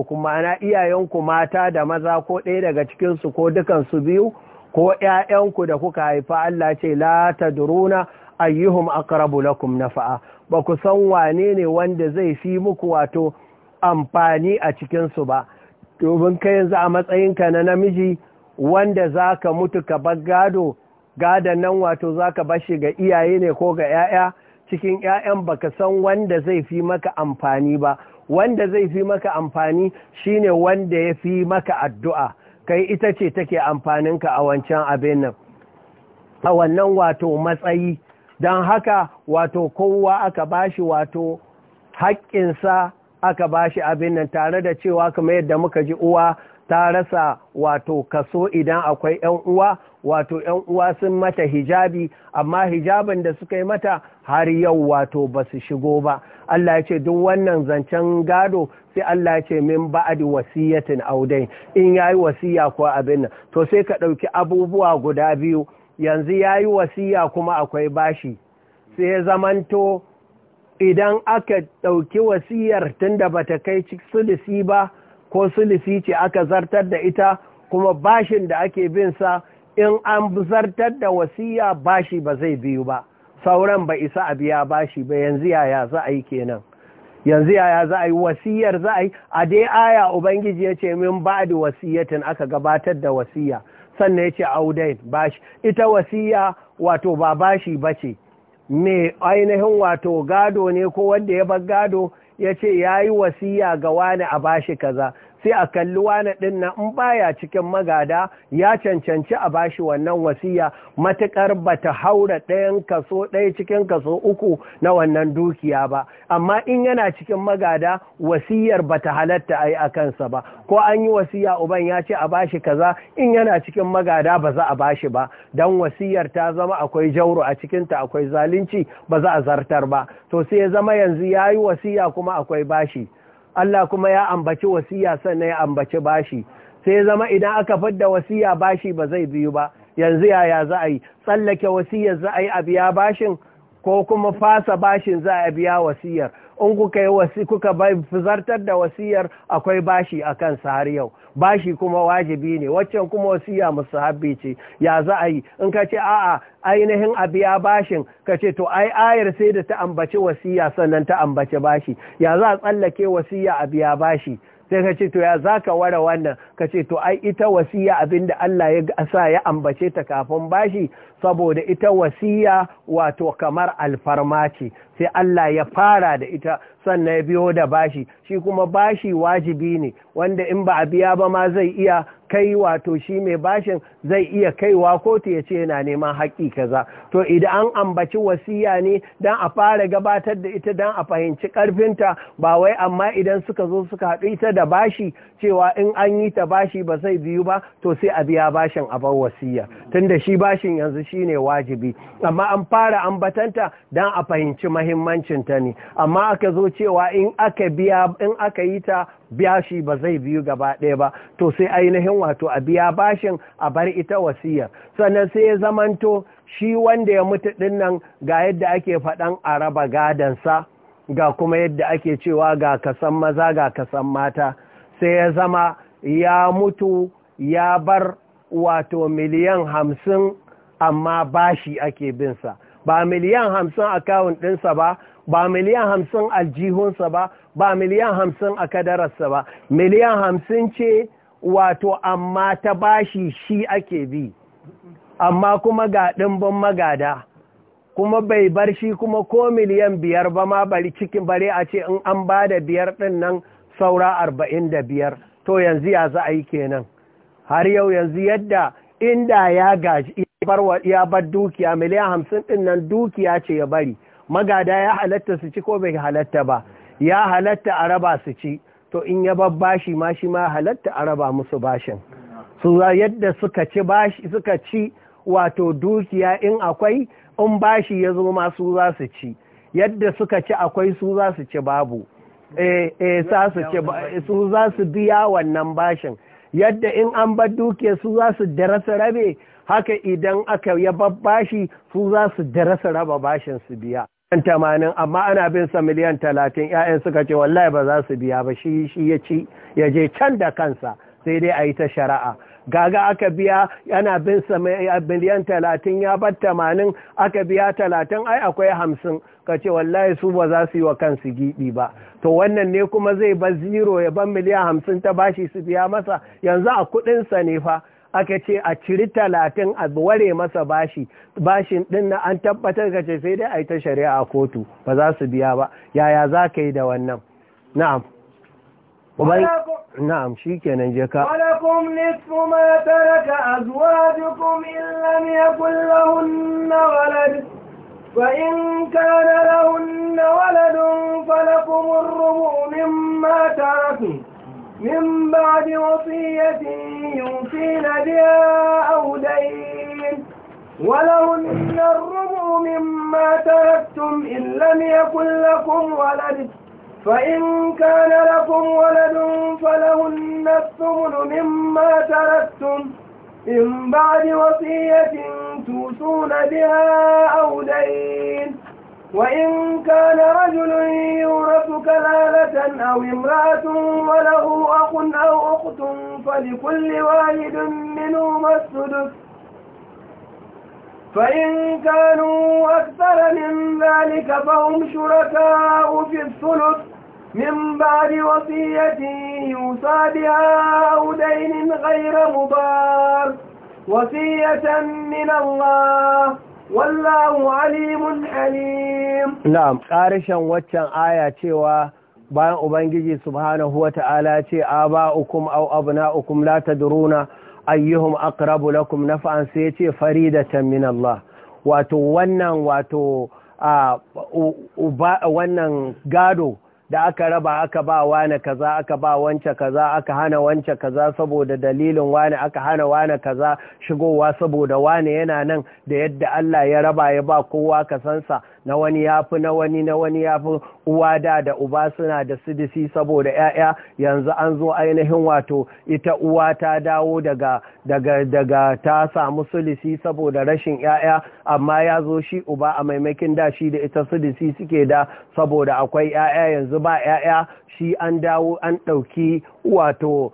uku ma'ana iyayenku mata da maza ko ɗaya daga cikinsu ko dukansu biyu ko 'ya'yanku da kuka haifa Allah ce la tadruna ayyuhum aqrabu lakum nafa'a ba ku san wane ne wanda zai fi muku wato amfani a cikinsu ba domin kai yanzu a matsayinka na namiji wanda zaka mutu ka bar gado gadon nan wato zaka bashi ga iyaye ne ko ga 'ya'ya cikin ƴaƴan baka san wanda zai fi maka amfani ba wanda zai fi maka amfani shine wanda ya fi maka addu'a kai ita ce take amfaninka a wancan abin nan a wannan wato matsayi don haka wato kowa aka bashi wato haƙƙinsa aka bashi abin nan tare da cewa kamar yadda muka ji uwa ta rasa wato kaso idan akwai ‘yan uwa wato ‘yan uwa sun mata hijabi, amma hijabin da suka yi mata har yau wato ba su shigo ba. Allah ya ce duk wannan zancen gado sai Allah ya ce min ba'adi wasiyatin audai, in ya yi wasiya ko abin nan, to sai ka ɗauki abubuwa guda biyu, yanzu ya yi wasiya kuma akwai bashi, sai ya zamanto idan aka ɗauki wasiyar tunda da ba ta kai sulisi ba ko sulisi ce aka zartar da ita kuma bashin da ake bin sa in an zartar da wasiya bashi ba zai biyu ba sauran ba isa a biya bashi ba yanzu yaya za a yi kenan yanzu yaya za a yi wasiyar za a yi a dai aya ubangiji ya ce min ba da wasiyatin aka gabatar da wasiya sannan ya ce audain bashi ita wasiya wato ba bashi ba ce mai ainihin wato gado ne ko wanda ya bar gado ya ce ya yi wasiya ga wani a bashi kaza sai a kalli wani ɗin nan in baya cikin magada ya cancanci a bashi wannan wasiya matuƙar ba ta haura ɗayan kaso ɗaya cikin kaso uku na wannan dukiya ba amma in yana cikin magada wasiyar ba ta halatta a yi a kansa ba ko an yi wasiya uban ya ce a bashi kaza in yana cikin magada ba za a bashi ba don wasiyar ta zama akwai jauro a cikinta akwai zalunci ba za a zartar ba to sai ya zama yanzu ya yi wasiya kuma akwai bashi Allah kuma ya ambaci wasiya sannan ya ambaci bashi sai zama idan aka fadda wasiya bashi ba zai biyu ba yanzu yaya za a yi tsallake wasiyar za a yi a biya bashin ko kuma fasa bashin za a biya wasiyar in kuka yi wasi kuka bai fizartar da wasiyar akwai bashi a kansa har yau bashi kuma wajibi ne waccan kuma wasiya habbi ce ya za a yi in ka ce a'a ainihin a biya bashin ka ce to ai ayar sai da ta ambaci wasiya sannan ta ambaci bashi ya za a tsallake wasiya a biya bashi sai ka ce to ya za ka ware wannan ka ce to ai ita wasiya abinda Allah ya sa ya ambace ta kafin bashi saboda ita wasiya wato kamar alfarma ce sai Allah ya fara da ita sannan ya biyo da bashi shi kuma bashi wajibi ne wanda in ba a biya ba ma zai iya kai wato shi mai bashin zai iya kaiwa kotu ya ce yana neman haƙƙi kaza to idan an ambaci wasiya ne dan a fara gabatar da ita dan a fahimci ƙarfinta ba wai amma idan suka zo suka haɗu ita da bashi cewa in an yi ta bashi ba zai biyu ba to sai a biya bashin a bar wasiya tunda shi bashin yanzu shine wajibi amma an fara ambatanta dan a fahimci mahimmancin ta ne amma aka zo cewa in aka biya in aka yi ta biya shi ba zai biyu gaba ɗaya ba to sai ainihin wato a biya bashin a bar ita wasiyar sannan sai ya zamanto shi wanda ya mutu dinnan ga yadda ake faɗan a raba gadansa ga kuma yadda ake cewa ga kasan maza ga kasan mata sai ya zama ya mutu ya bar wato miliyan hamsin amma bashi ake binsa ba miliyan hamsin akawun ɗinsa ba ba miliyan hamsin aljihunsa ba ba miliyan hamsin a kadararsa ba miliyan hamsin ce wato amma ta bashi shi ake bi amma kuma ga dimbin magada kuma bai bar shi kuma ko miliyan biyar ba ma bari cikin bare a ce in an ba da biyar ɗin nan saura arba'in da biyar to yanzu ya za a yi kenan har yau yanzu yadda inda ya gaji ya bar dukiya miliyan hamsin ɗin nan dukiya ce ya bari magada ya halatta su ci ko bai halatta ba ya halatta a raba su ci to in ya babbashi ma shi ma halatta a raba musu bashin su yadda suka ci bashi suka ci wato dukiya in akwai in bashi ya zo ma su za su ci yadda suka ci akwai su za su ci babu eh, eh, su za su biya wannan bashin yadda in an bar dukiya su za su darasa rabe haka idan aka ya babbashi su za su darasa raba bashin su biya tamanin amma ana bin sa miliyan talatin ‘ya'yan suka ce wallahi ba za su biya ba shi shi ya ci ya je can da kansa sai dai a yi ta shari'a gaga aka biya yana bin sa miliyan talatin ya bar tamanin aka biya talatin ai akwai hamsin ka ce wallahi su ba za su yi wa kansu giɓi ba to wannan ne kuma zai bar ziro ya ban miliyan hamsin ta bashi su biya masa yanzu a kuɗinsa ne fa aka ce a ciri talatin a ware masa bashi bashin din na an tabbatar ka ce sai dai a yi ta shari'a a kotu ba za su biya ba yaya za ka yi da wannan na'am na'am shi nan je ka walakum nisfu ma taraka azwajukum in ya yakul hunna waladi wa in kana lahunna waladun falakum ar-rubu من بعد وصية يوصين بها أو دين ولهن الربع مما تركتم إن لم يكن لكم ولد فإن كان لكم ولد فلهن الثمن مما تركتم من بعد وصية توصون بها أو دين وإن كان رجل يورث كلالة أو امرأة وله أخ أو أخت فلكل واحد منهما السدس فإن كانوا أكثر من ذلك فهم شركاء في الثلث من بعد وصية يوصى بها أو دين غير مضار وصية من الله wallahu alimun alim na'am ƙarishin waccan aya cewa bayan ubangiji subhanahu ta'ala ce aba'ukum aw abna'ukum la tadruna ayyuhum akrabu lakum naf'an sai yace faridatan min Allah wato wannan wato wannan gado da aka raba aka ba wane kaza aka ba wance kaza aka hana wance kaza saboda dalilin wane aka hana wane kaza shigowa saboda wane yana nan da yadda Allah ya raba ya ba kowa kasansa na wani yafi na wani na wani yafi uwa da da uba suna da sidisi saboda ‘ya'ya yanzu an zo ainihin wato ita uwa ta dawo daga daga daga ta samu sulisi saboda rashin ‘ya'ya amma ya zo shi uba a maimakin da shi da ita sulisi suke da saboda akwai ‘ya'ya yanzu ba ‘ya'ya shi an dawo an ɗauki wato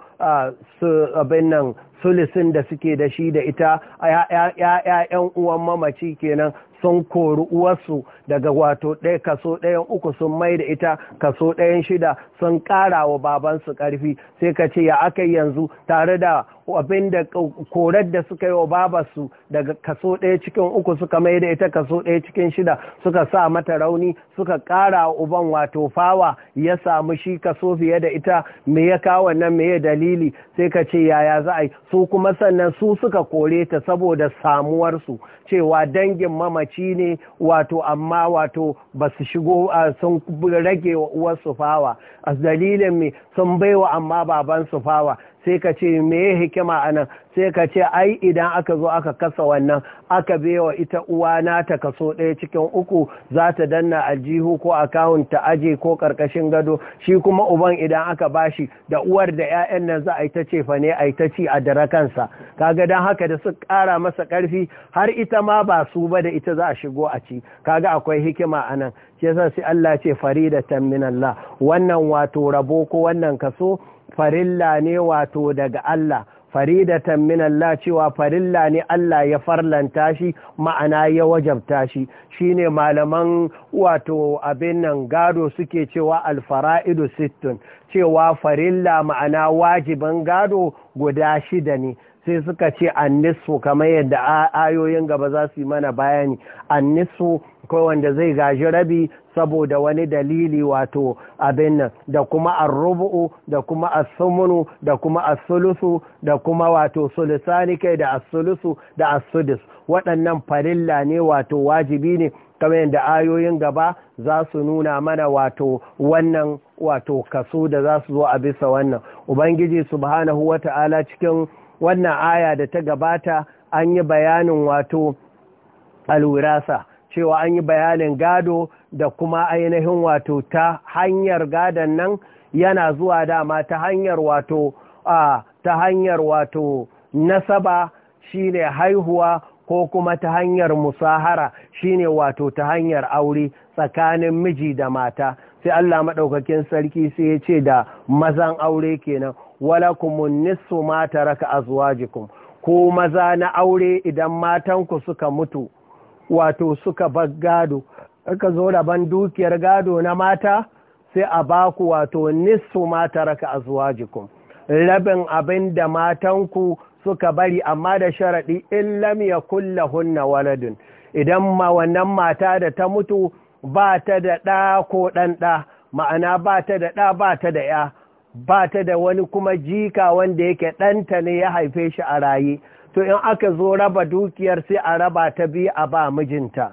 abin nan sulisin da suke da shi da ita ‘ya'yan uwan mamaci kenan sun kori uwarsu daga wato ɗaya kaso ɗayan uku sun mai da ita kaso ɗayan shida sun ƙara wa babansu ƙarfi sai ka ce ya aka yanzu tare da abin da korar da suka yi wa babarsu daga kaso ɗaya cikin uku suka mai da ita kaso ɗaya cikin shida suka sa mata rauni suka ƙara uban wato fawa ya samu shi kaso fiye da ita me ya kawo nan me ya dalili sai ka ce yaya za a yi su kuma sannan su suka kore ta saboda samuwarsu cewa dangin mamaci ne wato amma wato ba su shigo sun rage wa uwarsu fawa a dalilin me sun baiwa amma Babansu fawa sai ka ce me hikima a nan sai ka ce ai idan aka zo aka kasa wannan aka bewa ita uwa na ta kaso ɗaya cikin uku za ta danna aljihu ko akawun ta aje ko ƙarƙashin gado shi kuma uban idan aka bashi da uwar da 'ya'yan nan za a yi ta ce fa ne a yi ta ci a dare kansa kaga don haka da su ƙara masa ƙarfi har ita ma ba su ba da ita za a shigo a ci kaga akwai hikima a nan shi yasa sai Allah ce faridatan da wannan wato rabo ko wannan kaso farilla ne wato daga Allah Farida, min Allah cewa farilla ne Allah ya farlanta shi ma'ana ya wajabta shi shine malaman wato abin nan gado suke cewa alfara'idu sittun cewa farilla ma'ana wajiban gado guda shida ne sai suka ce annisu kamar yadda ayoyin gaba za su yi mana bayani annisu kawai wanda zai gaji rabi saboda wani dalili wato abin nan da kuma arrubu da kuma asumunu da kuma asulusu da kuma wato sulusani kai da asulusu da asudus waɗannan farilla ne wato wajibi ne kamar yadda ayoyin gaba za su nuna mana wato wannan wato kaso da za su zo a bisa wannan ubangiji subhanahu wata'ala cikin wannan aya da ta gabata an yi bayanin wato alwirasa cewa an yi bayanin gado da kuma ainihin wato ta hanyar gadan nan yana zuwa dama ta hanyar wato a ta hanyar wato nasaba shine haihuwa ko kuma ta hanyar musahara shine wato ta hanyar aure tsakanin miji da mata sai Allah maɗaukakin sarki sai ya ce da mazan aure kenan walakumun raka ma taraka azwajikum ko maza na aure idan matanku suka mutu wato suka gado. aka zo rabon dukiyar gado na mata sai a baku wato nisu mata raka a zuwa jikun rabin abin da matanku suka bari amma da sharaɗi in lamya kulla hunna waladun idan ma wannan mata da ta mutu ba ta da ɗa ko ɗan ɗa ma'ana ba ta da ɗa ba ta da ya ba ta da wani kuma jika wanda yake ɗanta ne ya haife shi a raye to in aka zo raba dukiyar sai a raba ta biyu a ba mijinta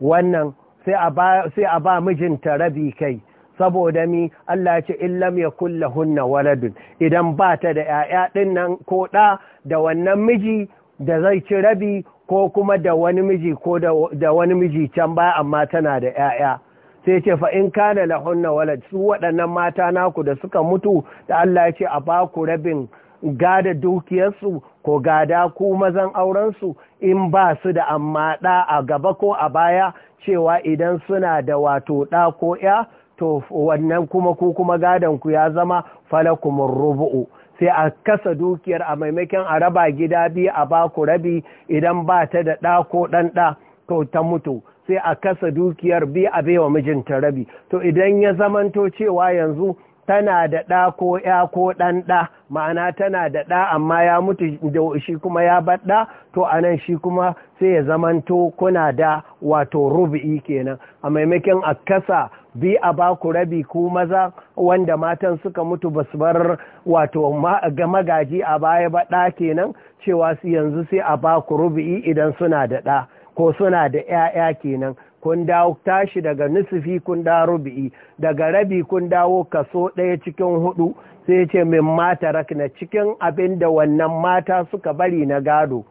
wannan sai a ba mijinta rabi kai saboda mi Allah ce illam ya kulle hunna waladun idan ba ta da ‘ya'ya ɗinnan nan ko ɗa da wannan miji da zai ci rabi ko kuma da wani miji ko da wani miji can ba amma tana da ‘ya'ya sai ce in kana lahunna walad su waɗannan mata naku da suka mutu da Allah ce a ba ku rabin gada dukiyarsu ko gada ku mazan aurensu in ba su da amma ɗa a gaba ko a baya cewa idan suna da wato ɗa ko ya to wannan kuma ku kuma ku ya zama falakumin rubu'u sai a kasa dukiyar a maimakon a raba gida biyu a ba ku rabi idan ba ta da ɗa ko ɗan ɗa to ta mutu sai a kasa dukiyar biyu a bai wa mijinta rabi to idan ya zamanto cewa yanzu tana da ɗa ko ya ko ɗan ɗa ma'ana tana da ɗa amma ya mutu da shi kuma ya baɗa to a nan shi kuma sai ya zamanto kuna da wato rubi'i kenan a maimakon a kasa bi a baku rabi ku maza wanda matan suka mutu ba su bar wato ga magaji a baya ba ɗa kenan cewa su yanzu sai a ba ku rubi'i idan suna da ɗa ko suna da 'ya'ya kenan kun dawo tashi daga nisifi kun da rubi'i daga rabi kun dawo kaso ɗaya cikin hudu sai ce min mata rakna cikin abin da wannan mata suka bari na gado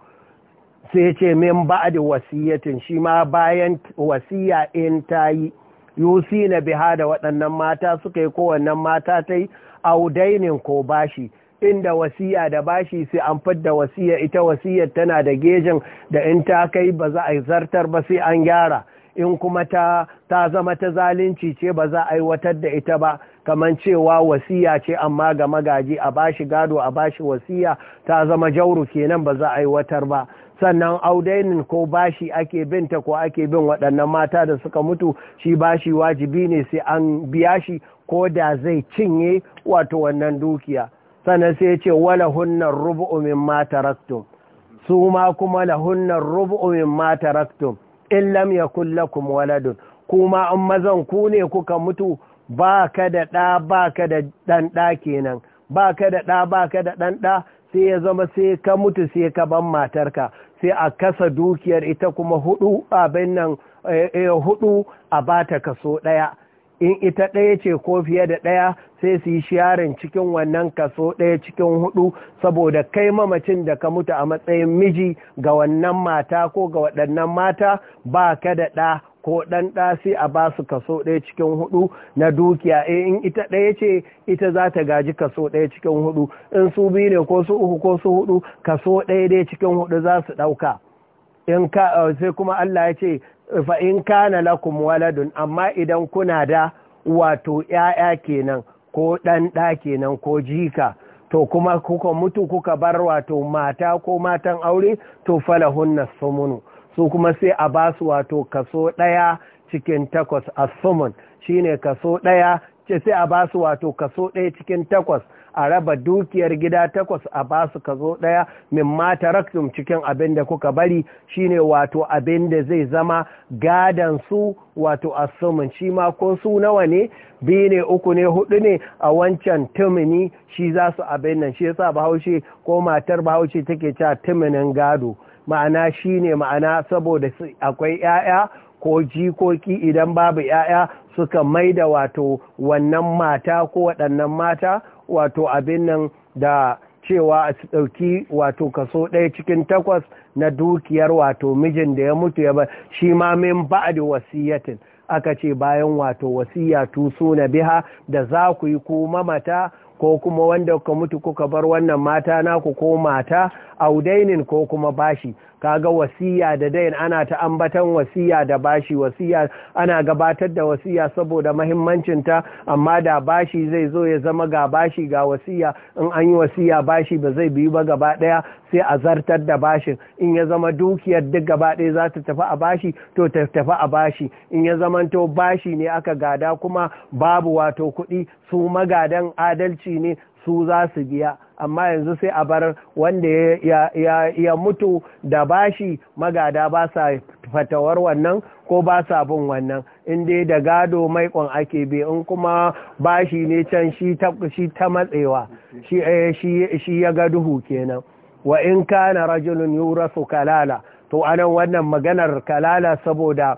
sai ce min da wasiyyatin shi ma bayan wasiya in ta yi yusi na biha da waɗannan mata suka yi ko wannan mata ta yi audainin ko bashi inda wasiya da bashi sai an fidda wasiya ita wasiyar tana da gejin da in ta kai ba za a zartar ba sai an gyara in kuma ta ta zama ta zalunci ce ba za a aiwatar da ita ba kamar cewa wasiya ce amma ga magaji a bashi gado a bashi wasiya ta zama jauru kenan ba za a aiwatar ba sannan audainin ko bashi ake ta ko ake bin waɗannan mata da suka mutu shi bashi wajibi ne sai an biya shi ko da zai cinye wato wannan dukiya sannan sai ce wala hunnar rubu'u min ma taraktum su ma kuma lahunnar rubu'u min ma taraktum in lam yakul lakum waladun kuma in mazan ku ne kuka mutu ba ka da ɗa ba ka da ɗan kenan ba ka da ɗa ba ka da ɗan sai ya zama sai ka mutu sai ka ban matarka sai a kasa dukiyar ita kuma hudu abin nan eh, eh, hudu a bata kaso ɗaya in ita ɗaya ce ko fiye da ɗaya sai su yi shiyarin cikin wannan kaso ɗaya cikin hudu saboda kai mamacin da ka mutu a matsayin miji ga wannan mata ko ga waɗannan mata ba ka da ɗa ko ɗan ɗa sai a ba su kaso ɗaya cikin hudu na dukiya eh, in ita ɗaya ce ita za ta gaji kaso ɗaya cikin hudu in su biyu ne ko su uku ko su hudu kaso ɗaya ɗaya cikin hudu za su ɗauka in ka eh, sai kuma Allah ya ce fa in kana lakum waladun amma idan kuna da wato ‘ya'ya kenan ko ɗan ɗa kenan ko jika to kuma kuka mutu kuka bar wato mata ko matan aure to falahun sumunu su kuma sai a ba su wato kaso ɗaya cikin takwas a sumun shine kaso ɗaya ce sai a ba su wato kaso ɗaya cikin takwas a raba dukiyar gida takwas a ba su kazo ɗaya min mata raktum cikin abin da kuka bari shine wato abin da zai zama gadan su wato asumin shi ma ko su nawa ne biyu ne uku ne hudu ne a wancan tumini shi za su abin nan shi yasa bahaushe ko matar bahaushe take cewa tuminin gado ma'ana shi ne ma'ana saboda akwai 'ya'ya ko jikoki idan babu 'ya'ya suka maida wato wannan mata ko waɗannan mata wato abin nan da cewa a su ɗauki wato kaso ɗaya cikin takwas na dukiyar wato mijin da ya mutu ya ba shi ma min da wasiyatin aka ce bayan wato wasiya tu suna biha da za ku yi ku mamata ko kuma wanda kuka mutu kuka bar wannan mata naku ko mata audainin ko kuma bashi kaga wasiya da dain ana ta ambatan wasiya da bashi wasiya ana gabatar da wasiya saboda ta amma da bashi zai zo ya zama ga bashi ga wasiya in an yi wasiya bashi ba zai biyu ba gaba daya sai a zartar da bashin in ya zama dukiyar duk gaba daya za ta tafi a bashi to ta tafi a bashi in ya zama to bashi ne aka gada kuma babu wato kuɗi su magadan adalci ne su za su biya amma yanzu sai a bar wanda ya mutu da bashi magada ba sa fatawar wannan ko ba sa bin wannan in dai da gado maikon ake bi in kuma bashi ne can shi ta matsewa eh, shi ya ga duhu kenan wa in kana rajulun yurasu kalala to anan wannan maganar kalala saboda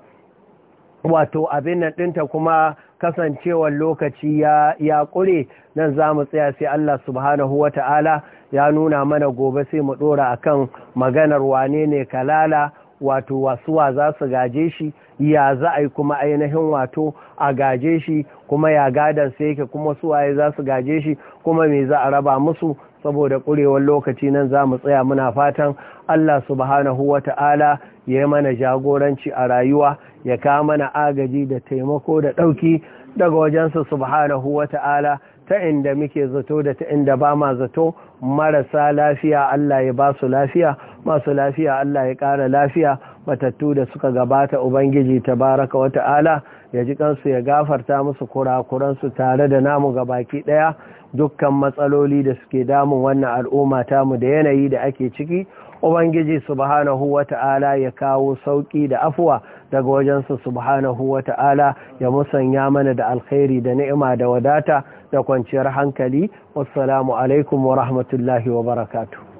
wato abin nan ɗinta kuma kasancewar lokaci ya ya ƙure nan za mu tsaya sai Allah subhanahu wa ta'ala ya nuna mana gobe sai mu ɗora kan maganar wane ne kalala wato wasuwa za su gaje shi ya za a yi kuma ainihin wato a gaje shi kuma ya gadon sai yake kuma suwaye za su gaje shi kuma me za a raba musu saboda ƙurewar lokaci nan za mu tsaya muna fatan Allah subhanahu wa ta'ala ya yi mana jagoranci a rayuwa ya ka mana agaji da taimako da ɗauki daga wajensa subhanahu wa ta'ala ta inda muke zato da ta inda ba ma zato marasa lafiya Allah ya ba su lafiya masu lafiya Allah ya ƙara lafiya matattu da suka gabata Ubangiji baraka wa ta'ala ya ji kansu ya gafarta musu kurakuransu tare da namu ga baki ɗaya dukkan matsaloli da suke damun wannan al'umma tamu da yanayi da ake ciki ubangiji subhanahu ta'ala ya kawo sauƙi da afuwa daga wajensu subhanahu wata'ala ya musanya mana da alkhairi da ni'ima da wadata da kwanciyar hankali wassalamu alaikum wa rahmatullahi wa barakatuh